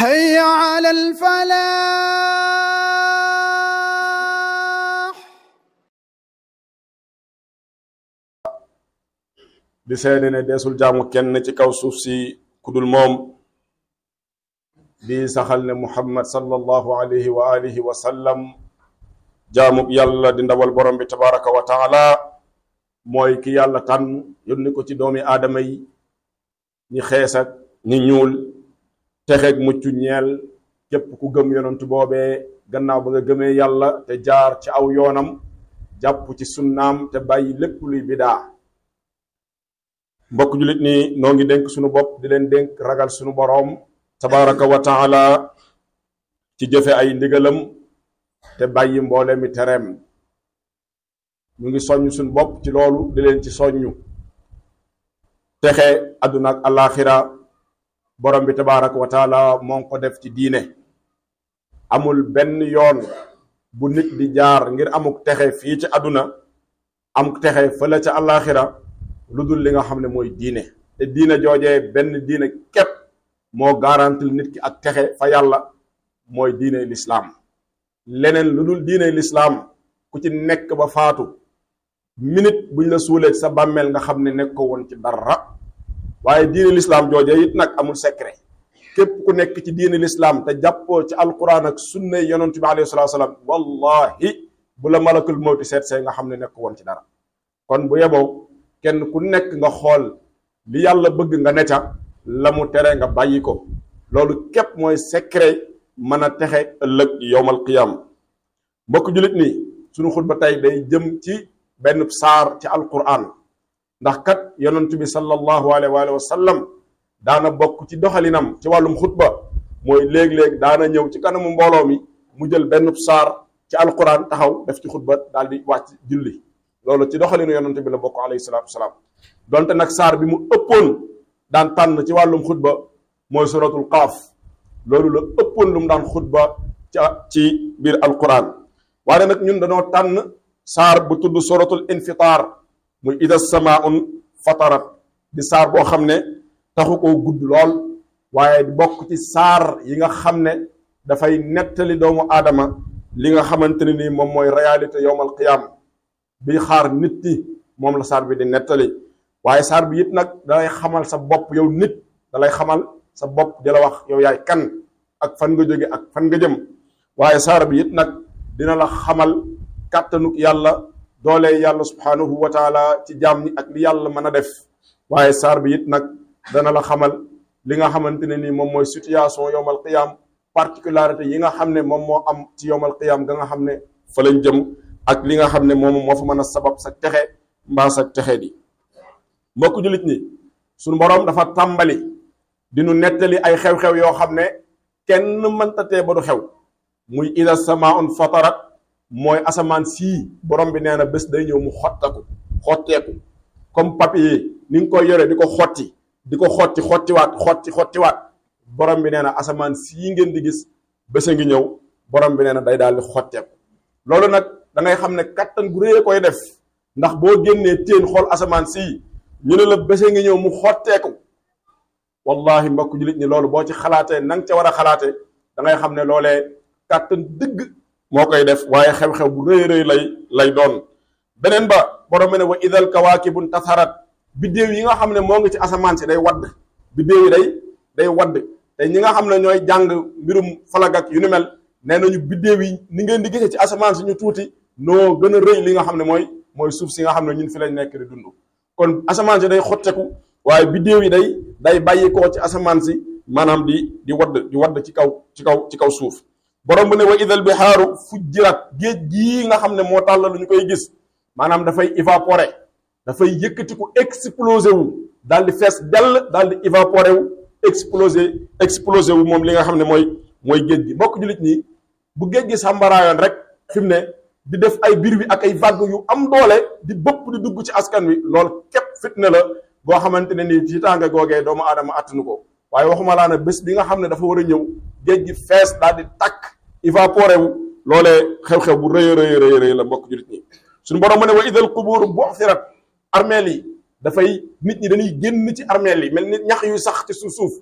حي على الفلاح di seede ne deesul jaamu kenn ci kaw suuf si kudul moom di saxal ne muhammad sallallahu alayhi wa alihi wa sallam jaamub yàlla di ndawal borom bi tabaraka wa taala mooy ki yàlla tànn yónni ko ci doomi aadama yi ñi xees ak ñi ñuul texeeg mucc ñeel képp ku gëm yonent boobee gannaaw ba nga gëmee yàlla te jaar ci aw yoonam jàpp ci sunnaam te bàyyi lépp luy bidaa mbokk julit ni noo ngi dénk sunu bopp di leen dénk ragal sunu boroom tabaraka wa ci jëfe ay ndigalam te bàyyi mboole mi tereem mu ngi soññ sunu bopp ci loolu di leen ci soññ texe àdduna ak alaaxira borom bi tabaraka wa taala moo ko def ci diine amul benn yoon bu nit di jaar ngir amuk texe fii ci aduna am texe fële ca àllaaxira lu dul li nga xam ne mooy diine te diine joojee benn diine képp moo garantil nit ki ak texe fa yàlla mooy diine lislaam leneen lu dul diine lislaam ku ci nekk ba faatu minute buñ la suulee sa bàmmeel nga xam ne ko woon ci dara waaye diine lislaam jooja it nag amul secret képp ku nekk ci diine lislaam te jàppoo ci alquran ak sunna yonent bi alayhi salaatu salaam wallahi bu la malakul mawti seet see nga xam ne nekk woon ci dara kon bu yeboo kenn ku nekk nga xool li yàlla bëgg nga ne ca la mu tere nga bàyyi ko loolu képp mooy secret mën a texe ëllëg yowmal qiyaam mbokk jullit nii sunu ba tey day jëm ci benn saar ci alquran ndax kat yonent bi sallallahu alayhi wa sallam daana bokk ci doxalinam ci wàllum xutba mooy léeg-léeg daana ñëw ci kanamu mbooloo mi mu jël benn saar ci alquran taxaw def ci xutba daal di wàcc julli loolu ci doxalinu yonent bi la bokk alayhi salaatu wasalaam donte nag saar bi mu ëppoon daan tànn ci wàllum xutba mooy suratul kaaf loolu la ëppoon lu mu daan xutba ca ci biir alquran waaye nag ñun dañoo tànn saar bu tudd suratul infitaar muy ida samaun fatarat di sar hamne, xamne taxuko taxu koo gudd lool waaye bokk ci sar yi nga xamne da fay netali doomu adama li nga xamanteni ni mom moy mooy yowmal qiyam bi xaar nit ni mom la sar bi di netali waye sar bi nak da lay xamal sa bop yow nit lay xamal sa bop di la wax yow yaay kan ak fan nga joge ak fan nga jëm waye sar bi yit nak dina la xamal katanuk yalla doole yàlla subhaanahu wa taala ci jaam ni ak li yàlla mën a def waaye saar bi it nag dana la xamal li nga xamante ne ni moom mooy situation yowmal qiyaam particularité yi nga xam ne moom moo am ci yowmal qiyaam ga nga xam ne fa lañ jëm ak li nga xam ne moom moo fa mën a sabab sa texe mbaa sa texe di mbokk jullit ñi suñu boroom dafa tàmbali dinu nu nettali ay xew-xew yoo xam ne kenn mëntatee ba du xew muy ida samaa un fatarat mooy asamaan sii borom bi nee na bés day ñëw mu xottaku xotteeku comme papier ni nga koy yore di ko xotti di ko xotti xottiwaat xotti xottiwaat borom bi nee na asamaan sii ngeen di gis bés a ngi ñëw borom bi nee day daal di xotteeku loolu nag dangay xam ne kattan gu rëy koy def ndax boo génnee téen xool asamaan sii ñu ne la bés a ngi ñëw mu xotteeku wallahi mbokk jullit ñi loolu boo ci xalaatee na nga ca war a xalaatee da xam ne loolee kàttan dëgg. moo koy def waaye xew-xew bu rëy rëy lay lay doon beneen ba borom ne wa idal kawaakibun tasarat biddéew yi nga xam ne moo ngi ci asamaan si day wadd biddéew yi day day wadd te ñi nga xam ne ñooy jàng mbirum falag ak yu ni mel nee nañu biddéew yi ni ngeen di gisee ci asamaan si ñu tuuti noo gën a rëy li nga xam ne mooy mooy suuf si nga xam ne ñun fi lañ nekk di dund kon asamaan si day xotteku waaye biddéew yi day day bàyyi koo ci asamaan si maanaam di di wadd wadd ci kaw ci kaw ci kaw suuf borom bu ne wa xaaru bihaaru fujjirat géej gii nga xam ne moo tàll lu ñu koy gis maanaam dafay évaporer dafay yëkkatiku exploser wu daal di fees dell daal di évaporer wu exploser exploser wu moom li nga xam ne mooy mooy géej gi mbokk jullit nii bu géej gi sàmbaraayoon rek fi mu ne di def ay biir wi ak ay vague yu am doole di bëpp di dugg ci askan wi loolu képp fitna la boo xamante ne nii ci googee doomu aadama attanu ko waaye waxuma laa bés bi nga xam ne dafa war a ñëw géej gi fees daal di takk évaporé wu loolee xew-xew bu rëy rëy rëy rëy la mbokk julit ñi suñu borom mu ne wa idal qubuur bu'thirat armeel yi dafay nit ñi dañuy génn ci armeel yi mel ni ñax yu sax ci suuf suuf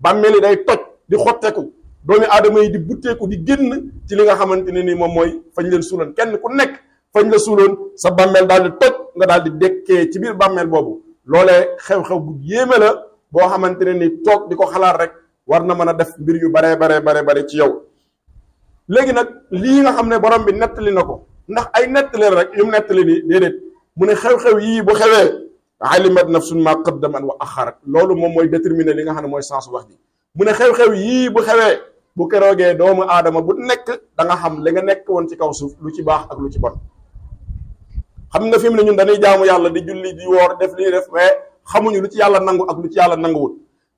bàmmeel yi day toj di xotteeku doomi aadama yi di butteeku di génn ci li nga xamante ne ni moom mooy fañ leen suuloon kenn ku nekk fañ la suuloon sa bàmmeel daal di toj nga daal di dekkee ci biir bàmmeel boobu loolee xew-xew bu yéeme la boo xamante ne ni toog di ko xalaat rek war na mën a def mbir yu baree baree baree bari ci yow léegi nag lii nga xam ne borom bi nettali na ko ndax ay nettali rek yu mu nettali nii déedéet mu ne xew-xew yii bu xewee alimat nafsun ma qaddamat wa axarat loolu moom mooy déterminer li nga xam ne mooy sens wax ji mu ne xew-xew yii bu xewee bu keroogee doomu aadama bu nekk danga xam li nga nekk woon ci kaw suuf lu ci baax ak lu ci bon xam nga fi mu ne ñun dañuy jaamu yàlla di julli di woor def li def mais xamuñu lu ci yàlla nangu ak lu ci yàlla nanguwul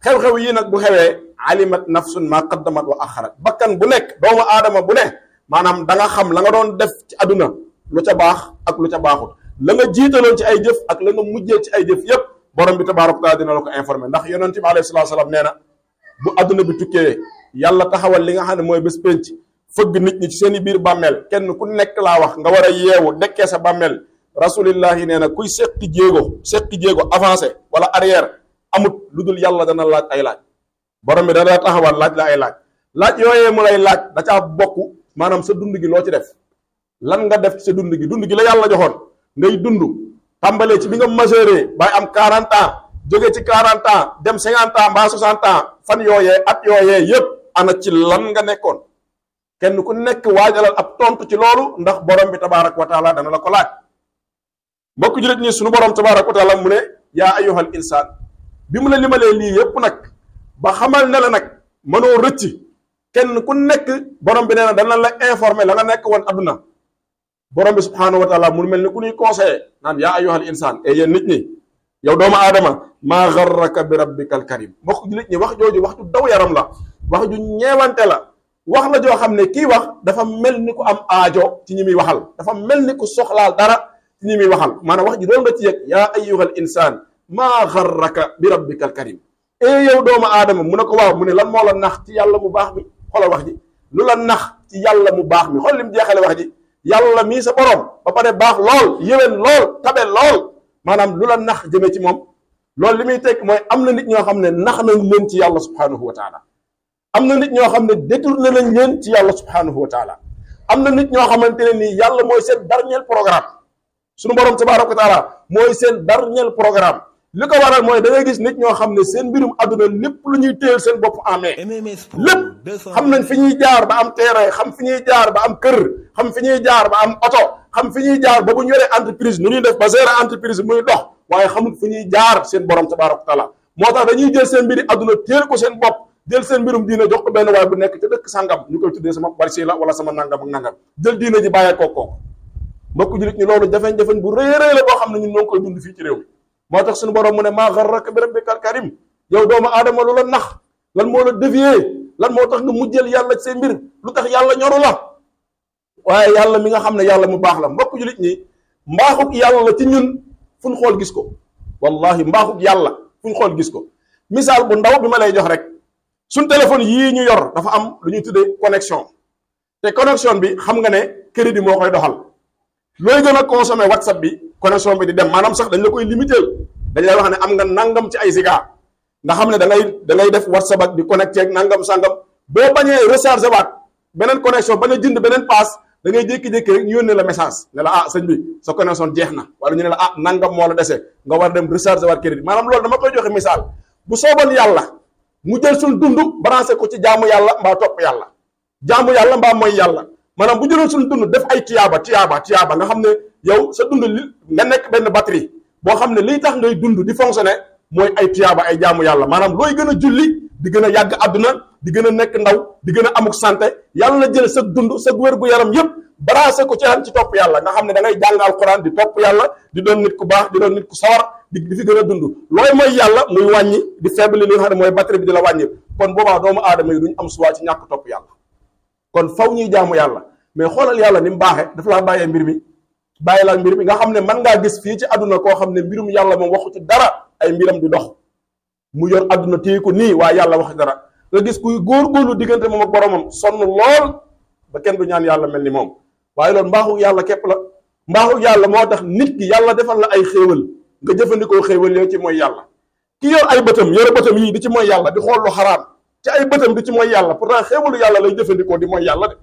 xew-xew yii nag bu xewee alimat nafsun ma qaddamat wa axarat bakkan bu nekk doomu aadama bu ne maanaam da xam la nga doon def ci àdduna lu ca baax ak lu ca baaxut la nga jiitaloon ci ay jëf ak la nga mujjee ci ay jëf yëpp borom bi tabaaraka taala dina la ko informé ndax yonent bi alayhi salaatu salaam nee na bu àdduna bi tukkee yàlla taxawal li nga xam ne mooy bés pénc fëgg nit ñi ci seen i biir bàmmeel kenn ku nekk laa wax nga war a yeewu dekkee sa bàmmeel rasulillahi nee na kuy seqi jéego seqi jéego avancé wala arrière amut lu dul yàlla dana laaj ay laaj borom bi dana taxawal laaj la ay laaj laaj yooyee mu lay laaj da caa bokk maanaam sa dund gi loo ci def lan nga def ci sa dund gi dund gi la yàlla joxoon ngay dund tàmbalee ci bi nga majeure bay am 40 ans jóge ci 40 dem 50 ans mbaa 60 fan yooyee at yooyee yépp ana ci lan nga nekkoon kenn ku nekk waajalal ab tontu ci loolu ndax borom bi tabaaraka wa taala dana la ko laaj mbokk jullit ñi sunu borom tabaaraka wa taala mu ne yaa ayyuhal insaan bi mu la limalee lii yépp nag. ba xamal ne la nag mënoo rëcc kenn ku nekk borom bi nee na dana la informer la nekk woon adduna borom bi subhaanahu wa mun mel ni ku ñuy conseillé naan yaa ayyuhal insaan et eh, yéen nit ñi yow doomu aadama ma garraka bi rabbikal karim mbokk nit ñi wax jooju wax ju daw yaram la wax ju ñewante la wax la joo xam ne kii wax dafa mel ni ku am aajo ci ñi muy waxal dafa mel ni ku soxlaal dara ci ñi muy waxal maanaam wax ji doon nga ci yëg yaa ayyuhal insaan ma garraka bi rabbikal ee eh, yow doomu aadama mu ne ko waaw mu ne lan moo nax ci yàlla mu baax mi xoolal wax ji lu la nax ci yàlla mu baax mi xool lim jeexale wax ji yàlla mii sa borom ba pare baax lool yéwén lool tabe lool maanaam lu la nax jëmee ci moom loolu li muy tekk mooy am na nit ñoo xam ne nax nañ leen ci yàlla subhaanahu wa taala am na nit ñoo xam ne détourné nañ leen ci yàlla subhaanahu wa taala am na nit ñoo xamante ne nii yàlla mooy seen dernier programme sunu borom tabaaraka wa taala mooy seen dernier programme li ko waral mooy da gis nit ñoo xam ne seen mbirum àdduna lépp lu ñuy téyel seen bopp en main lépp xam nañ fi ñuy jaar ba am terrain xam fi ñuy jaar ba am kër xam fi ñuy jaar ba am oto xam fi ñuy jaar ba bu ñu yoree entreprise ñuy def ba gérer entreprise muy dox waaye xamul ñuy jaar seen borom tabaaraka taala moo tax dañuy jël seen mbiri àdduna téyel ko seen bopp jël seen mbirum diina jox ko benn waay bu nekk ca dëkk sàngam ñu koy tuddee sama warsi la wala sama nangam ak nangam jël diina ji bàyyee kooku mbokk julit ñi loolu jafe-jafe bu rëy la boo xam ne ñun ñoo ngi koy dund fii ci réew moo tax borom mu ne ma gharrak bi karim yow doomu adam lu la nax lan mo la devier lan moo tax nga mujjel yalla ci mbir lu tax yàlla ñoru la waye yalla mi nga xamne ne mu bax la mbokk julit ñi mbaxuk yalla la ci ñun fuñ xol gis ko wallahi mbaxuk yalla fuñ xol gis ko misal bu ndaw bi ma lay jox rek sun telephone yi ñu yor dafa am lu ñuy tuddé connexion té connexion bi xam nga né crédit mo koy doxal loy gëna consommer whatsapp bi connexion bi di dem maanaam sax dañ la koy limité dañ lay wax ne am nga nangam ci ay giga nga xam ne da ngay da ngay def whatsapp ak di connecté ak nangam sangam boo bañee rechargé waat beneen connexion bañ a jënd beneen paas da ngay jékki-jékki rek ñu yónnee la message ne la ah sëñ bi sa connexion jeex na wala ñu ne la ah nangam moo la dese nga war dem rechargé waat crédit maanaam loolu dama koy joxe misaal bu sooban yàlla mu jël suñ dund branché ko ci jaamu yàlla mbaa topp yàlla jaamu yàlla mbaa mooy yàlla maanaam bu jëloon suñ dund def ay tiyaaba tiyaaba tiyaaba nga xam ne yow sa dund li nga nekk benn batterie boo xam ne liy tax ngay dund di fonctionner mooy ay tuyaaba ay jaamu yàlla maanaam looy gën a julli di gën a yàgg àdduna di gën a nekk ndaw di gën a amuk santé yàlla na jël sa dund sa wér-gu-yaram yépp brasé ko ci lan ci topp yàlla nga xam ne da ngay jàng alxuraan di topp yàlla di doon ku baax di doon nit ku sawar di di fi gën a dund looy mooy yàlla muy wàññi di faible li xam ne mooy batterie bi di la wàññi kon boobaa doomu aadama yi duñ am suwaa ci ñàkk topp yàlla kon faw ñuy jaamu yàlla mais xoolal yàlla ni mu baaxee daf laa bàyyee mbir mi bàyyi la mbir mi nga xam ne man ngaa gis fii ci àdduna koo xam ne mbirum yàlla moom waxu ci dara ay mbiram di dox mu yor àdduna téye ko nii waaye yàlla waxu dara nga gis kuy góorgóorlu diggante moom ak boromam sonn lool ba kenn du ñaan yàlla mel ni moom waaye loolu mbaaxu yàlla képp la mbaaxu yàlla moo tax nit ki yàlla defal na ay xéewal nga jëfandikoo xéewal yow ci mooy yàlla ki yor ay bëtam yore bëtam yii di ci mooy yàlla di xool lu xaraam ci ay bëtam di ci mooy yàlla pourtant xéewalu yàlla lay jëfandikoo di mooy yàlla de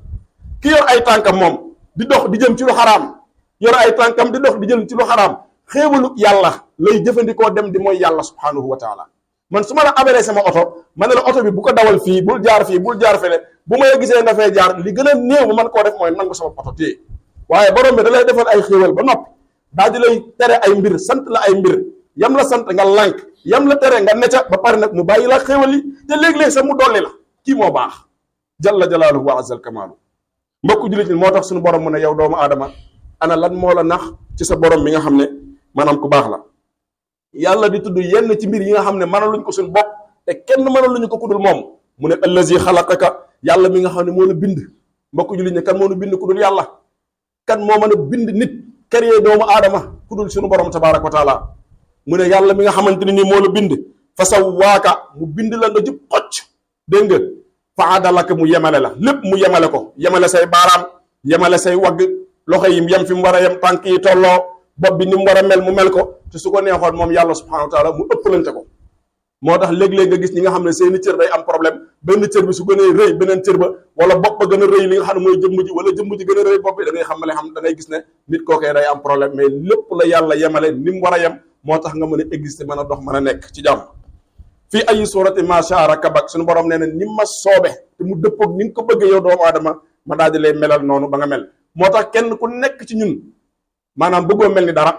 ki yor ay tànkam moom di dox di jëm ci lu xaraam yor ay tànkam di dox bi jël ci lu xaraam xéewalu yàlla lay jëfandikoo dem di mooy yàlla subhanahu wa taala man su ma la abalee sama oto ma ne la oto bi bu ko dawal fii bul jaar fii bul jaar fele bu may gisee na fee jaar li gën a néew man koo def mooy nangu sama oto téye waaye borom bi da lay defal ay xéewal ba nopp daa di lay tere ay mbir sant la ay mbir yam la sant nga lànk yam la tere nga necca ba pare nag mu bàyyi la xéewal yi te léeg-léeg sax mu la kii moo baax jalla jalaaluhu wa azal kamaalu mbokku jullit moo tax suñu borom mu ne yow doomu aadama ana lan moo la nax ci sa boroom mi nga xam ne maanaam ku baax la yàlla di tudd yenn ci mbir yi nga xam ne mënaluñ ko suñu bopp te kenn mënaluñu ko kudul moom mu ne allazi xalaqaka yàlla mi nga xam ne moo la bind mbokk jullit ñi kan moo nu bind kudul yàlla kan moo mën a bind nit créé doomu aadama kudul suñu borom tabaaraka wa mu ne yàlla mi nga xamante ne nii moo la bind fa waaka mu bind la nga jub xocc dégg nga fa mu yemale la lépp mu yemale ko yemale say baaraam yemale say wagg loxo yi yem fi mu war a yem tànk yi tolloo bopp bi ni mu war a mel mu mel ko te su ko neexoon moom yàlla subhanahu wa taala mu ëppalante ko moo tax léeg-léeg nga gis ñi nga xam ne seeni cër day am problème benn cër bi su gënee rëy beneen cër ba wala bopp ba gën a rëy li nga xam ne mooy jëmm ji wala jëmm ji gën a rëy bopp bi da ngay xamale xam da ngay gis ne nit kookee day am problème mais lépp la yàlla yemale ni mu war a yem moo tax nga mën a exister mën a dox mën a nekk ci jàmm fii ay surati maashaara kabak suñu borom nee na ni ma soobe te mu dëppoog ni nga ko bëggee yow doomu aadama ma daal di lay melal noonu ba nga mel motax kenn ku nekk ci ñun manam bëggo melni dara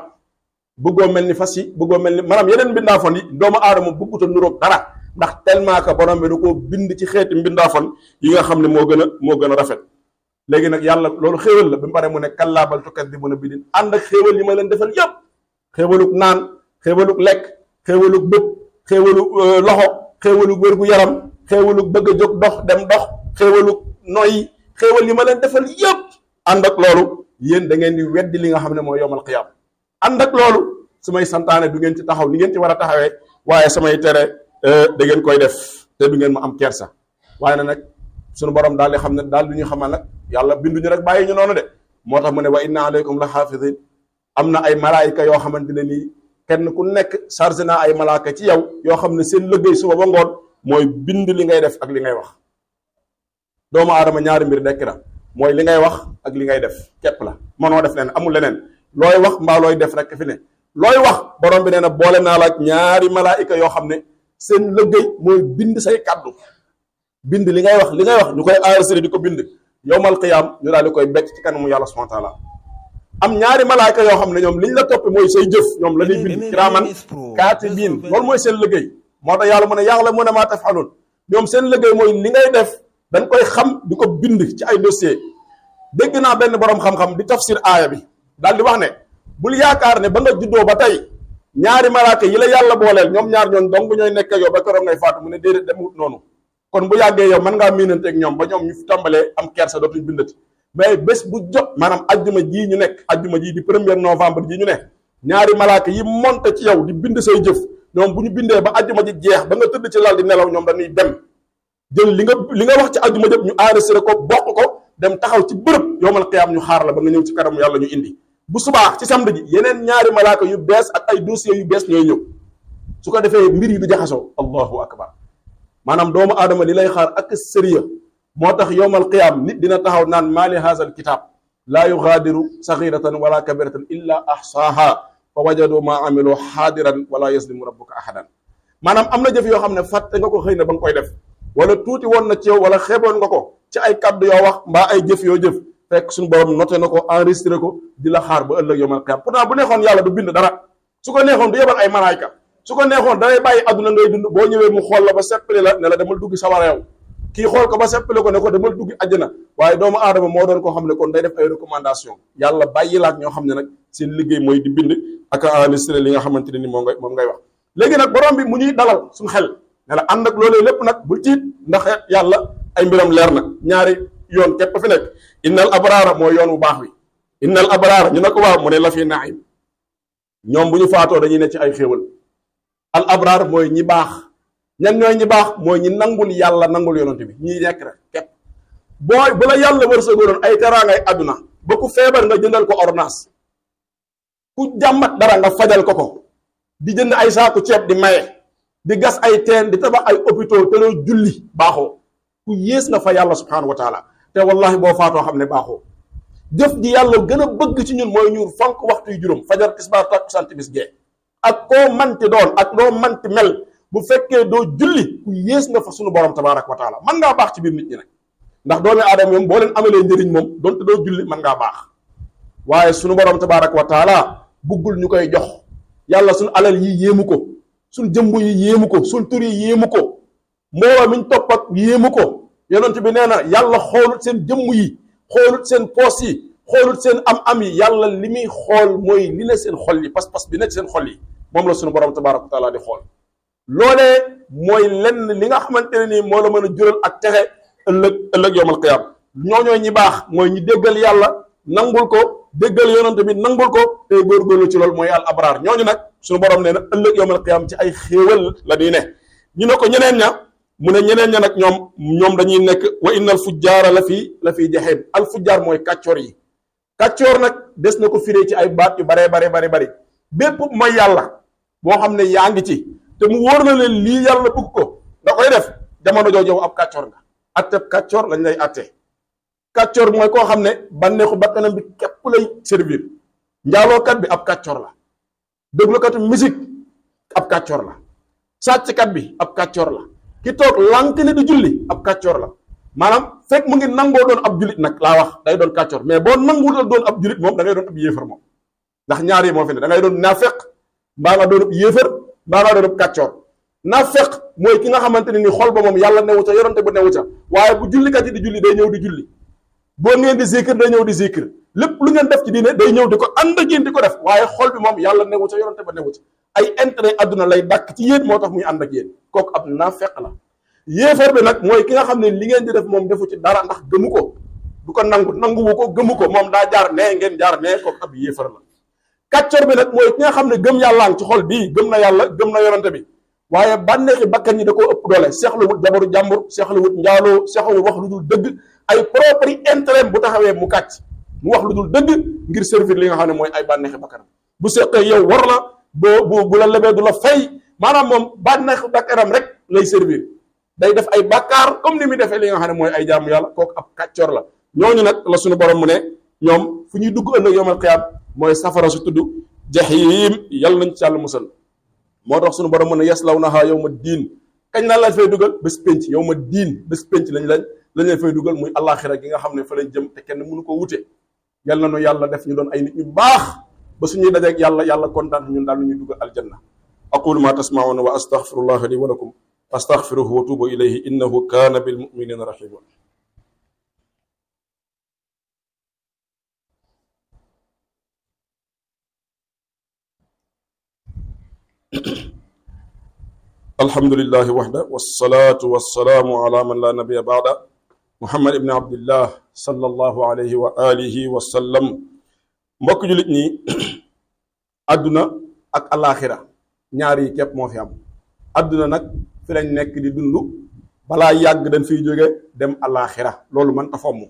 bëggo melni ni bëggo melni manam yeneen bindafon yi doomu bëggu ta nuroog dara ndax tellement que borom bi du ko bind ci xeeti bindafon yi nga xamni mo gëna mo gëna rafet légui nak yàlla lolu xéewal la bimu mu pare mu nek kallaabal tukaddibuuna bi bidin ànd ak xéewal yi ma leen defal yépp xéewaluk naan xéewaluk lek xéewaluk bëpp xéewalu loxo xéewalu wér gu yaram xéewaluk bëgg a jóg dox dem dox xéewaluk noy xéewal yi ma leen defal yépp ànd ak loolu yéen da ngeen di weddi li nga xam ne mooy yomal xiyaam ànd ak loolu su may santaane du ngeen ci taxaw li ngeen ci war a taxawee waaye samay tere euh, da ngeen koy def te du ngeen ma am sax waaye na nag sunu borom daal di xam ne daal du ñu xamal nag yàlla binduñu rek bàyyi ñu noonu de moo tax mu ne wa inna aleykum la xaafidin am na ay malaayika yoo xamante ne nii kenn ku nekk chargé naa ay malaaka ci yow yoo xam ne seen liggéey suba ba ngoon mooy bind li ngay def ak li ngay wax doomu aadama ñaari mbir dekk na mooy li ngay wax ak li ngay def képp la mënoo def leen amul leneen looy wax mbaa looy def rek fi ne looy wax borom bi nee na boole naa la ak ñaari malaayika yoo xam ne seen lëggéey mooy bind say kàddu bind li ngay wax li ngay wax ñu koy enregistré di ko bind yowmal qiyaam ñu daal di koy becc kanamu yàlla subhanahu wa am ñaari malaayika yoo xam ne ñoom li la toppee mooy ñoom la ñuy bind kiraaman kaatibiin mooy seen lëggéey moo tax yàlla mu ne yàlla mu ne maa tafaloon ñoom seen lëggéey mooy li ngay def dañ koy xam di ko bind ci ay dossier dégg naa benn borom xam-xam di tafsir aaya bi daal di wax ne bul yaakaar ne ba nga juddoo ba tey ñaari malaaka yi la yàlla booleel ñoom ñaar ñoon dong ñooy nekk ak ba keroog ngay faatu mu ne déedéet dem noonu kon bu yàggee yow mën ngaa miinanteeg ñoom ba ñoom ñu tàmbalee am kersa dootuñ bindati mais bés bu jot maanaam ajjuma jii ñu nekk ajjuma jii di premier novembre jii ñu ne ñaari malaaka yi monte ci yow di bind say jëf ñoom bu ñu bindee ba ajjuma ji jeex ba nga tëdd ci lal di nelaw ñoom dañuy dem jël li nga li nga wax ci aljuma jëpp ñu enregistré ko bokk ko dem taxaw ci bërepp yowmal qiyam ñu xaar la ba nga ñew ci karam yalla ñu indi bu suba ci samedi ji yenen ñaari malaaka yu bes ak ay dossier yu bes ñoy ñew su ko defé mbir yi du jaxaso allahu akbar Manam doomu adama li lay xaar ak seriya motax yowmal qiyam nit dina taxaw naan mali hazal kitab. La yughadiru saghiratan wala kabiratan illa ahsaha fa wajadu ma amilu hadiran wala yaslimu rabbuka ahadan manam amna jëf yo xamne ne nga ko xeyna bang koy def wala tuuti woon na ci yow wala xeeboon nga ko ci ay kàdd yoo wax mbaa ay jëf yoo jëf fekk suñu borom noté na ko enregistré ko di la xaar ba ëllëg yawmal qiyaama naa bu neexoon yàlla du bind dara su ko neexoon du yebal ay malaayka su ko neexoon danay bàyyi àdduna ngay dund boo ñëwee mu xool la ba seppali la ne la demal dugg sawara kii xool ko ba seppali ko ne ko demal dugg na waaye doomu aadama moo doon koo xam ne kon day def ay recommandation yàlla bàyyi laak ñoo xam ne nag seen liggéey mooy di bind ak enregistré li xamante ne ni moom ngay moom ngay wax léegi nag borom bi mu ñuy dalal suñu xel ne la ànd ak loolee lépp nag bu tiit ndax yàlla ay mbiram leer na ñaari yoon képp fi nekk innal abraara mooy yoon bu baax wi innal abraara ñu ne ko waaw mu ne la fi ñoom bu ñu faatoo dañuy ne ci ay xéewal al abraar mooy ñi baax ñan ñooy ñi baax mooy ñi nangul yàlla nangul yonante bi ñiy nekk rek képp booy bu la yàlla wërsëgaloon ay teraangay adduna ba ku feebar nga jëndal ko ordonnance ku jàmmat dara nga fajal ko ko di jënd ay saaku ceeb di maye di gas ay teen di tabax ay hôpitaux te doo julli baaxoo ku yées nga fa yàlla subhanahu wa taala te wallahi boo faatoo xam ne baaxoo jëf ji yàlla gën a bëgg ci ñun mooy ñuur fonk waxtu yu juróom fajar tisbaar takkusaan timis gee ak koo manti doon ak loo manti mel bu fekkee doo julli ku yées nga fa sunu borom tabaaraka wa taala mën ngaa baax ci biir nit ñi nag ndax doomi aadama moom boo leen amalee njëriñ moom donte doo julli mën ngaa baax waaye sunu borom tabaaraka wa taala buggul ñu koy jox yàlla sunu alal yi yéemu ko sun jëmbu yi yéemu ko sun tur yi yéemu ko mbooloo miñ topp ak yéemu ko yonent bi nee na yàlla xoolut seen jëmm yi xoolut seen poos yi xoolut seen am am yi yàlla li muy xool mooy li ne seen xol yi pas-pas bi nekk seen xol yi moom la suñu borom tabaraka wa taala di xool loolee mooy lenn li nga xamante ne nii moo la mën a jural ak texe ëllëg ëllëg yowmal qiyaam ñooñoo ñi baax mooy ñi déggal yàlla nangul ko déggal yonante bi nangul ko tey góorgóorlu ci loolu mooy al abraar ñooñu nag suñu borom nee na ëllëg yowmal qiyaam ci ay xéewal la ñuy ne ñu ne ko ñeneen ña mu ne ñeneen ña nag ñoom ñoom dañuy nekk wa inna al fujjaara la fii la fii jaxiim al fujjaar mooy kàccoor yi kàccoor nag des na ko fire ci ay baat yu baree bare bari bari bépp mooy yàlla boo xam ne yaa ngi ci te mu wóor na leen lii yàlla bëgg ko nga koy def jamono jooju ab kàccoor nga atteb kàccoor lañ lay atte Kacor mooy ko xamne banexu bakanam bi kep lay servir kat bi ab kàccoor la kat musique ab kàccoor la kat bi ab kàccoor la ki tok lànk du di julli ab kàccoor la manam fek mu ngi nango don ab julit nak la wax day don kàccoor mais boo nanguutal don ab julit mom da ngay don ab yefer mom ndax ñaar yi mo fi ne da ngay don naafeq ba nga don ab yefer ba nga don ab moy ki nga xamanteni ne ni xol ba mom yalla newu ca yoronte bu newu ca waye bu julli kat di julli day ñew di julli boo ngeen di zikir day ñëw di zikir lépp lu ngeen def ci diine day ñëw di ko ànd ak di ko def waaye xol bi moom yàlla newu ca yoronte ba newu ca ay intérêt lay dàkk ci yéen moo tax muy ànd ak yéen kooku ab naafeq la yéefar bi nag mooy ki nga xam ne li ngeen di def moom defu ci dara ndax gëmu ko du ko nangu nanguwu ko gëmu ko moom daa jaar nee ngeen jaar nee kooku ab yéefar la bi nag mooy ki nga xam ne gëm yàllaang ci xol bi gëm na yàlla gëm na yorante bi waaye bànneexi bakkan yi da koo ëpp doole seexlu wut jabaru jàmbur seexlu wut njaaloo seexlu wax lu dul dëgg ay propre intérêt bu taxawé mu katch mu wax luddul deug ngir servir li nga xamné moy ay banex bakaram bu sekké yow war la bu bu bu la lebee du la fay manam mom banex bakaram rek lay servir day def ay bakar comme ni mi defee li nga xamné moy ay jamm yalla kok ab katchor la ñooñu nak la suñu borom mu né ñom fu dugg ëna yomal qiyam moy safara su tuddu jahim yalla nañ ci yàlla musal mo tax suñu borom mu yawmad din na la fay duggal bes pench yawmad din bes pench lañ lañ lañ la fay dugal muy àllaaxira gi nga xam ne fa lañ jëm te kenn mënu ko wute yal na nu yàlla def ñu doon ay nit ñu baax ba suñuy dajeeg yàlla yàlla kontaan ñun daal ñuy dugal aljanna aqulu ma tasmauna wa astaghfirullaha li wa lakum fastaghfiruhu wa tubu ilayhi innahu kana bil muminina rahiman الحمد لله وحده والصلاة والسلام على من لا نبي بعده muhammad ibn abdullah sallallahu alayhi wa alihi wa sallam mbokk jullit ñi àdduna ak alaaxira ñaari yi moo fi am àdduna nag fi lañ nekk di dund balaa yàgg dañ fiy jóge dem alaaxira loolu mën ta fomm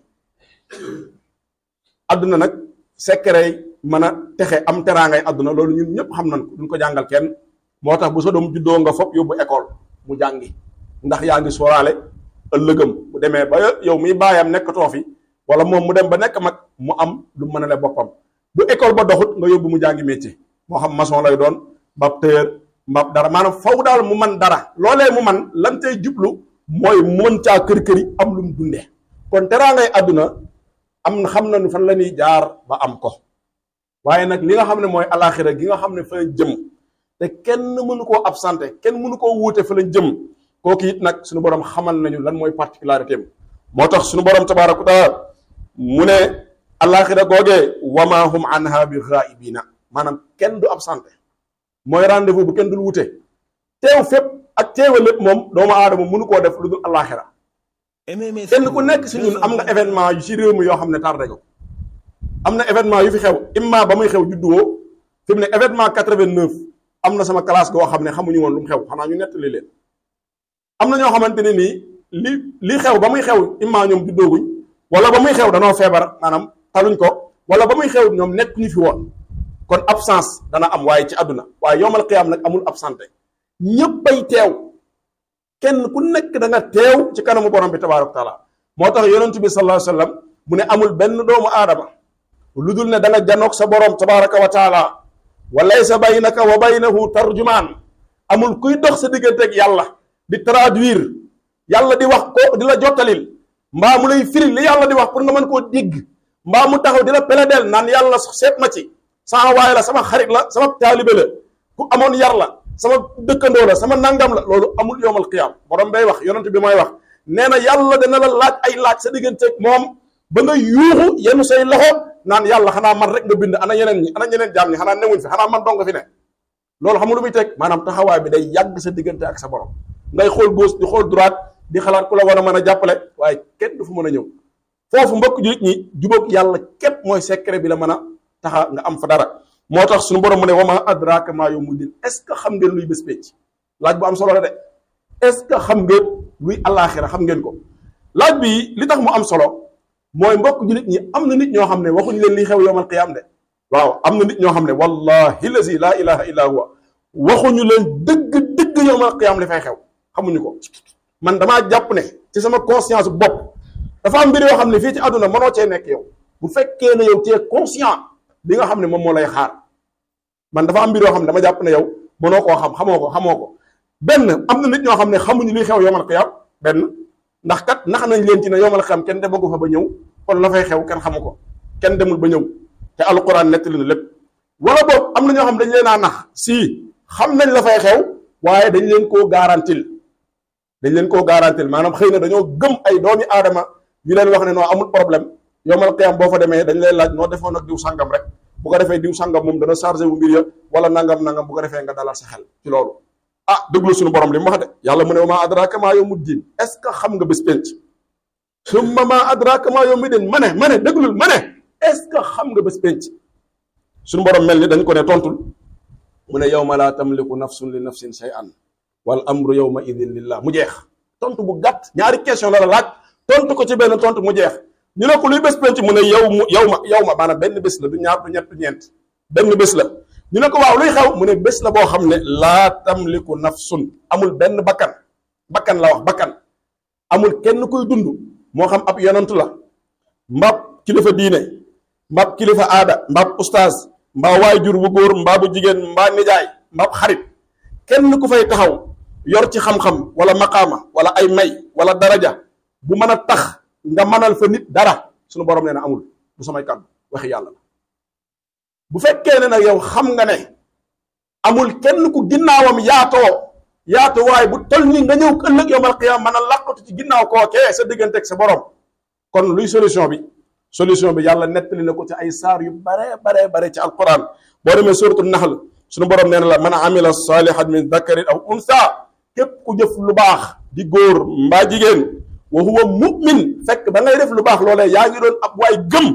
àdduna nag secret mën a texe am teraangay àdduna loolu ñun ñëpp xam nañ ko duñ ko jàngal kenn moo tax bu sa doom juddoo nga fopp yóbbu école mu jàngi ndax yaa ngi sóoraale ëllëgam bu demee ba yow muy bàyyam nekkatoo fi wala moom mu dem ba nekk mag mu am lu mën a le boppam bu école ba doxut nga yóbbu mu jàngi métier moo xam maçon lay doon mbab téer mbab dara maanaam faw daal mu man dara loolee mu man lan tey jublu mooy mën caa kër kër yi am lu mu dundee kon teraangay àdduna am xam na xam fan la ñuy jaar ba am ko waaye nag li nga xam ne mooy alaxira gi nga xam ne fa jëm te kenn mënu koo absenté kenn mënu koo wuute fa lañ jëm kooku it nag suñu borom xamal nañu lan mooy particularité am moo tax suñu borom tabaaraka wa taala mu ne alaxira googee wama hum anha bi na maanaam kenn du absenté mooy rendez-vous bu kenn dul wute teew fépp ak teewa lépp moom doomu aadama mënu koo def lu dul alaxira kenn ku nekk si ñun am na événement yu mi yoo xam ne tardé ko am na événement yu fi xew imma ba muy xew judduwoo fi mu ne événement quatre-vingt-neuf am na sama classe goo xam ne xamuñu woon lu mu xew xanaa ñu nettali leen am na ñoo xamante ne nii li li xew ba muy xew immaa ñoom du dooguñ wala ba muy xew danoo feebar maanaam taluñ ko wala ba muy xew ñoom nekk ñu fi woon kon absence dana am waaye ci àdduna waaye yowmal qiyaam nag amul absenté ñéppay teew kenn ku nekk da nga teew ci kanamu borom bi tabaaraka taala moo tax yonent bi sallallahu alayhi wa mu ne amul benn doomu aadama lu dul ne da nga sa borom tabaaraka wa taala wa laysa baynaka wa baynahu tarjumaan amul kuy dox sa digganteeg yàlla di traduire yàlla di wax ko di la jottalil mbaa mu lay firi li yàlla di wax pour nga mën koo dégg mbaa mu taxaw di la peledeel naan yàlla seet ma ci sama waay la sama xarit la sama taalibe la ku amoon yar la sama dëkkandoo la sama nangam la loolu amul yowmal qiyaam borom bay wax yonent bi mooy wax nee na de na la laaj ay laaj sa digganteeg moom ba nga yuuxu yenn say loxo naan yàlla xanaa man rek nga bind ana yeneen ñi ana ñeneen jaam ñi xanaa newuñ fi xanaa man dong fi ne loolu xam lu muy teg maanaam taxawaay bi day yàgg sa diggante ak sa borom ngay xool gauche di xool droite di xalaat ku la war a mën a jàppale waaye kenn du fa mën a ñëw foofu mbokk jullit ñi jubóog yàlla képp mooy secret bi la mën a taxa nga am fa dara moo tax suñu borom mu ne wama adraka maa yawmul din est-ce que xam ngeen luy bés pénc laaj bu am solo la de est-ce que xam ngeen luy àllaaxira xam ngeen ko laaj bi li tax mu am solo mooy mbokk jullit ñi am na nit ñoo xam ne waxuñu leen liy xew yowmal qiyaam de waaw am na nit ñoo xam ne wallahi la laa la illa huwa waxuñu leen dëgg dëgg yowmal qiyaam li fay xew amuñu ko man damaa jàpp ne ci sama conscience bopp dafa am mbir yoo xam ne fii ci àdduna mënoo cee nekk yow bu fekkee ne yow cee conscient bi nga xam ne moom moo lay xaar man dafa am mbir yoo xam ne dama jàpp ne yow mënoo koo xam xamoo ko xamoo ko benn am na nit ñoo xam ne xamuñu luy xew yomal xiyaam benn ndax kat nax nañ leen ci ne yomal xiyaam kenn demagu fa ba ñëw kon la fay xew kenn xamu ko kenn demul ba ñëw te alquran nettali na lépp wala boobu am na ñoo xam dañ leen a nax si xam nañ la fay xew waaye dañ leen koo garantil dañ leen koo garantil maanaam xëy na dañoo gëm ay doomi aadama yu leen wax ne noo amul problème yomal am boo fa demee dañ lay laaj noo defoon ak diw sàngam rek bu ko defee diw sàngam moom dana chargé wu mbir ya wala nangam nangam bu ko defee nga dalal sa xel ci loolu ah déglu suñu borom li mu wax de yàlla mu ne ma adraka maa yawmu diin est ce que xam nga bés penc summa maa adraka maa yawmu diin ma ne ma ne déglul ma ne est ce que xam nga bés penc suñu borom mel ni dañ ko ne tontul mu ne yawma laa tamliku nafsun li nafsin shay'an wal amru yawma idin lillah mu jeex tontu bu gàtt ñaari question la laaj tontu ko ci benn tontu mu jeex ñu ne ko luy bés penc mu ne yow mu yow ma yow ma maanaam benn bés la du ñaar du ñett du ñeent benn bés la ñu ne ko waaw luy xew mu ne bés la boo xam ne laa tamliku nafsun amul benn bakkan bakkan la wax bakkan amul kenn kuy dund moo xam ab yonantu la mbab kilifa diine mbab kilifa aada mbab ustaaz mbaa waajur bu góor mbaa bu jigéen mbaa nijaay mbab xar kenn ku fay taxaw yor ci xam-xam wala maqaama wala ay may wala daraja bu mën a tax nga mënal fa nit dara suñu borom nee na amul bu samay kàddu waxi yàlla la bu fekkee ne nag yow xam nga ne amul kenn ku ginnaawam yaatoo yaatu waaye bu tol ni nga ñëw ëllëg yow mal qiyaam mën a làqatu ci ginnaaw kookee sa digganteeg sa borom kon luy solution bi solution bi yàlla nettali na ko ci ay saar yu bare bare bare ci alquran boo demee suratul nahl suñu borom nee na la man amila salihan min dakarin aw unsa képp ku jëf lu baax di góor mbaa jigéen wa huwa mu'min fekk ba ngay def lu baax loolee yaa ngi doon ab waay gëm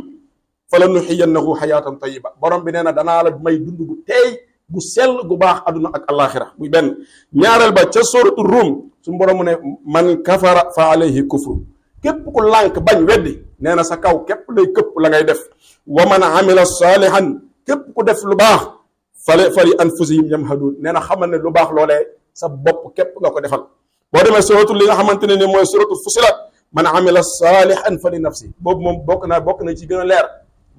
fa la nuxiyannahu xayaatan tayiba borom bi nee na danaa la may dund gu teey gu sell gu baax àdduna ak alaxira muy benn ñaareel ba ca suratu rum suñu borom mu ne man kafara fa alayhi kufru képp ku lànk bañ weddi nee na sa kaw képp lay këpp la ngay def wa man amila salihan képp ku def lu baax fale fali anfusihim yamhadun nee neena xamal ne lu baax loolee sa bopp képp nga ko defal boo demee suratul li nga xamante ne ni mooy suratul fusilat man amila saalihan fali nafsi boobu moom bokk naa bokk na ci gën a leer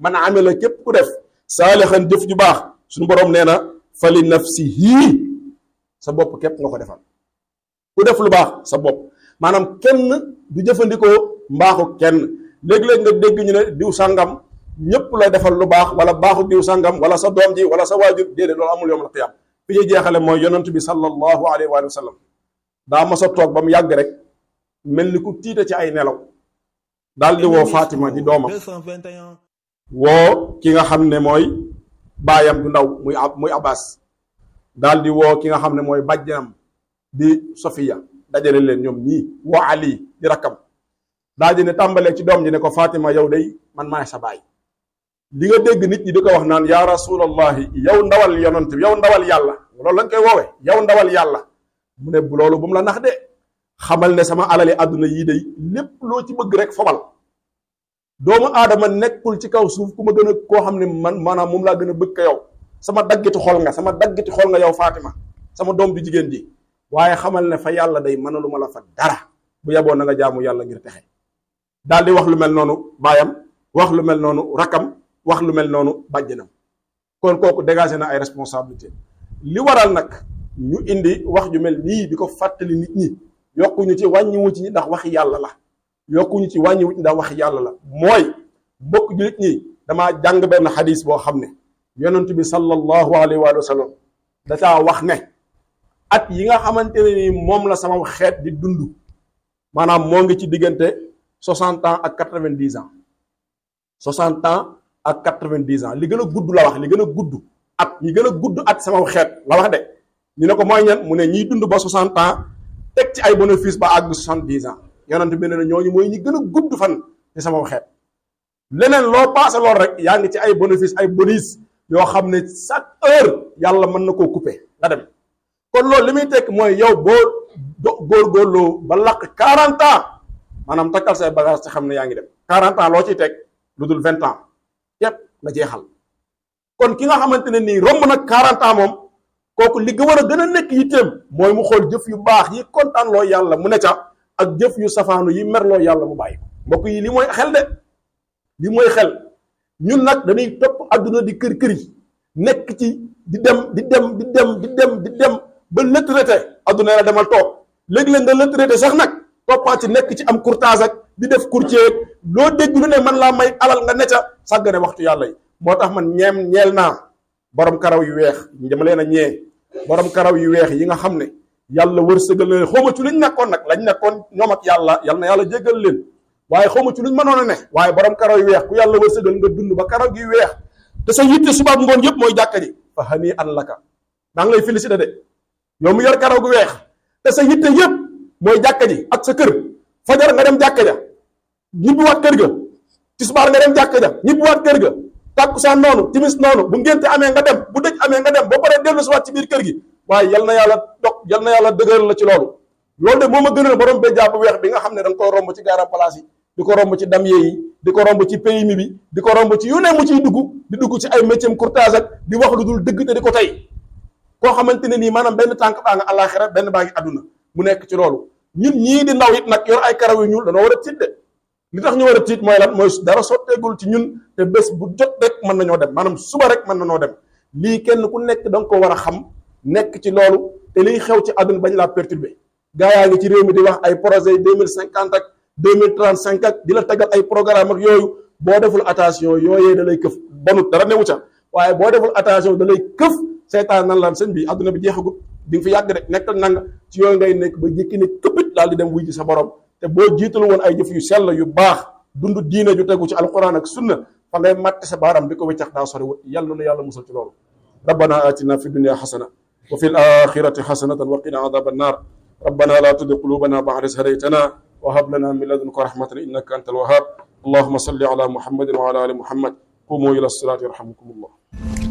man amila képp ku def saalihan jëf ju baax suñu borom nee na fali nafsihi sa bopp képp nga ko defal ku def lu baax sa bopp maanaam kenn du jëfandikoo mbaaxu kenn léeg-léeg nga dégg ñu ne diw sàngam ñëpp la defal lu baax wala baaxu diw sàngam wala sa doom ji wala sa waajur déedéet loolu amul yawmal qiyaama fi ñuy jeexale mooy yonent bi sallallahu alayhi wa sallam daa mos a toog ba mu yàgg rek mel ni ku tiite ci ay nelaw daal di woo Fatima di doomam woo ki nga xam ne mooy baayam du ndaw muy muy Abbas daal di woo ki nga xam ne mooy bàjjanam di Sofiya dajale leen ñoom ñii woo Ali di rakkam daal di ne tàmbalee ci doom ji ne ko Fatima yow day man maay sa baay. li nga dégg nit ñi di ko wax naan yaa rasulallahi yow ndawal yonant bi yow ndawal yàlla loolu lañ koy woowee yow ndawal yàlla mu ne bu loolu bu mu la nax de xamal ne sama alali àdduna yii day lépp loo ci bëgg rek fabal doomu aadama nekkul ci kaw suuf ku ma gën a koo xam ne man maanaam moom laa gën a bëgg ko yow sama daggiti xol nga sama daggiti xol nga yow Fatima sama doom bi jigéen ji waaye xamal ne fa yàlla day lu ma la fa dara bu yeboo na nga jaamu yàlla ngir texe lu mel noonu baayam wax lu mel noonu rakam wax lu mel noonu na kon kooku dégagé na ay responsabilité li waral nag ñu indi wax ju mel nii di ko fàttali nit ñi yokkuñu ci wàññiwu ci ndax waxi yàlla la yokkuñu ci wàññiwu ci ndax waxi yàlla la mooy mbokk jullit ñi damaa jàng benn xadiis boo xam ne yonent bi sallallahu alayhi wa sallam dataa wax ne at yi nga xamante ne ni moom la sama xeet di dund maanaam moo ngi ci diggante soixante ans ak quatre-vingt-dix ans soixante ans ak 90 ans li gëna a gudd la wax li gëna gudd at ñi gëna gudd at sama xet la wax de ñu ne ko mooy ñan mu ne ñi dund ba 60 ans tek ci ay bénéfice ba ag 70 ans yonent bi ne na ñooñu ñi gëna gudd fan ci sama xet leneen lo passé lool rek yaa ngi ci ay bénéfice ay bonus yo xamne chaque heure yalla mën na koo couper nga dem kon limi tek moy yow bo gor gor lo ba lakk 40 ans manam takal say bagage te xam yaa ngi dem 40 ans lo ci tek ludul 20 ans yépp la jeexal kon ki nga xamante ne nii romb nag 40 moom kooku li war a gën a nekk yitteem mooy mu xool jëf yu baax yi kontaan loo yàlla mu ne ca ak jëf yu safaanu yi mer loo yàlla mu bàyyi mbokk yi li mooy xel de li mooy xel ñun nag dañuy topp àdduna di kër kër yi nekk ci di dem di dem di dem di dem di dem ba lëtt reete àdduna la demal toog léegi leen nga lëtt reete sax nag. toppaat ci nekk ci am courtage ak di def courtier loo dégg lu ne man laa may alal nga ne ca sàggane waxtu yàlla yi moo tax man ñeem ñeel naa borom karaw yu weex dama leen a ñee borom karaw yu weex yi nga xam ne yàlla wërsëgal na leen xawma ci luñ nekkoon nag lañ nekkoon ñoom ak yàlla yal na yàlla jéggal leen waaye xawma ci luñ mënoon a ne waaye borom karaw yu weex ku yàlla wërsëgal nga dund ba karaw gi weex te sa yitte subaab ngoon yëpp mooy jàkka ji fa xanii an laka maa ngi lay félicité de yow mu yor karaw gu weex te mooy jàkka ji ak sa kër fajar nga dem jàkka ja ñibbiwaat kër ga tisbaar nga dem jàkka ja ñibbiwaat kër ga tàkkusaan noonu timis noonu bu ngénte amee nga dem bu dëj amee nga dem ba pare dellu siwaat ci biir kër gi waaye yal na yàlla dog yal na yàlla dëgëral la ci loolu loolu de moo ma gënal borom béjjaa bu weex bi nga xam ne da nga koy romb ci gaara place yi di ko romb ci damye yi di ko romb ci PMI bi di ko romb ci yu ne mu ciy dugg di dugg ci ay métier courtage ak bi wax lu dul dëgg te di ko tey koo xamante ne nii maanaam tànk baa nga àllaaxira benn baa ngi mu nekk ci loolu ñun ñii di ndaw it nag yor ay karaw yu ñuul danoo war a tiit de li tax ñu war a tiit mooy lan mooy dara sotteegul ci ñun te bés bu jot rek mën na ñoo dem maanaam suba rek mën na ñoo dem lii kenn ku nekk da nga ko war a xam nekk ci loolu te liy xew ci àdduna bañ laa perturbé gaa yaa ngi ci réew mi di wax ay projets yi deux mille cinquante ak deux mille trente cinq ak di la tagal ay programme ak yooyu boo deful attention yooyee da lay këf bonut dara newu ca waaye boo deful attention da lay këf nan la sëñ bi àdduna bi jeexagut di nga fi yàgg rek nekkal nanga ci yooyu ngay nekk ba jékki ne këppit daal di dem wuy ci sa borom te boo jiital woon ay jëf yu sell yu baax dund diine ju tegu ci alquran ak sunna fa ngay màtt sa baaram di ko weccax daa sori wut yàlla na yàlla musal ci loolu rabbana atina fi dunia xasana wa fi alaxirati xasanatan wa qina adaba annar rabbana la tudi qulubana baada is hadaytana wa hab lana min ladunka rahmatan innaka anta alwahab allahuma salli ala wa ala muhammad qumu ila salaati yarhamukum allah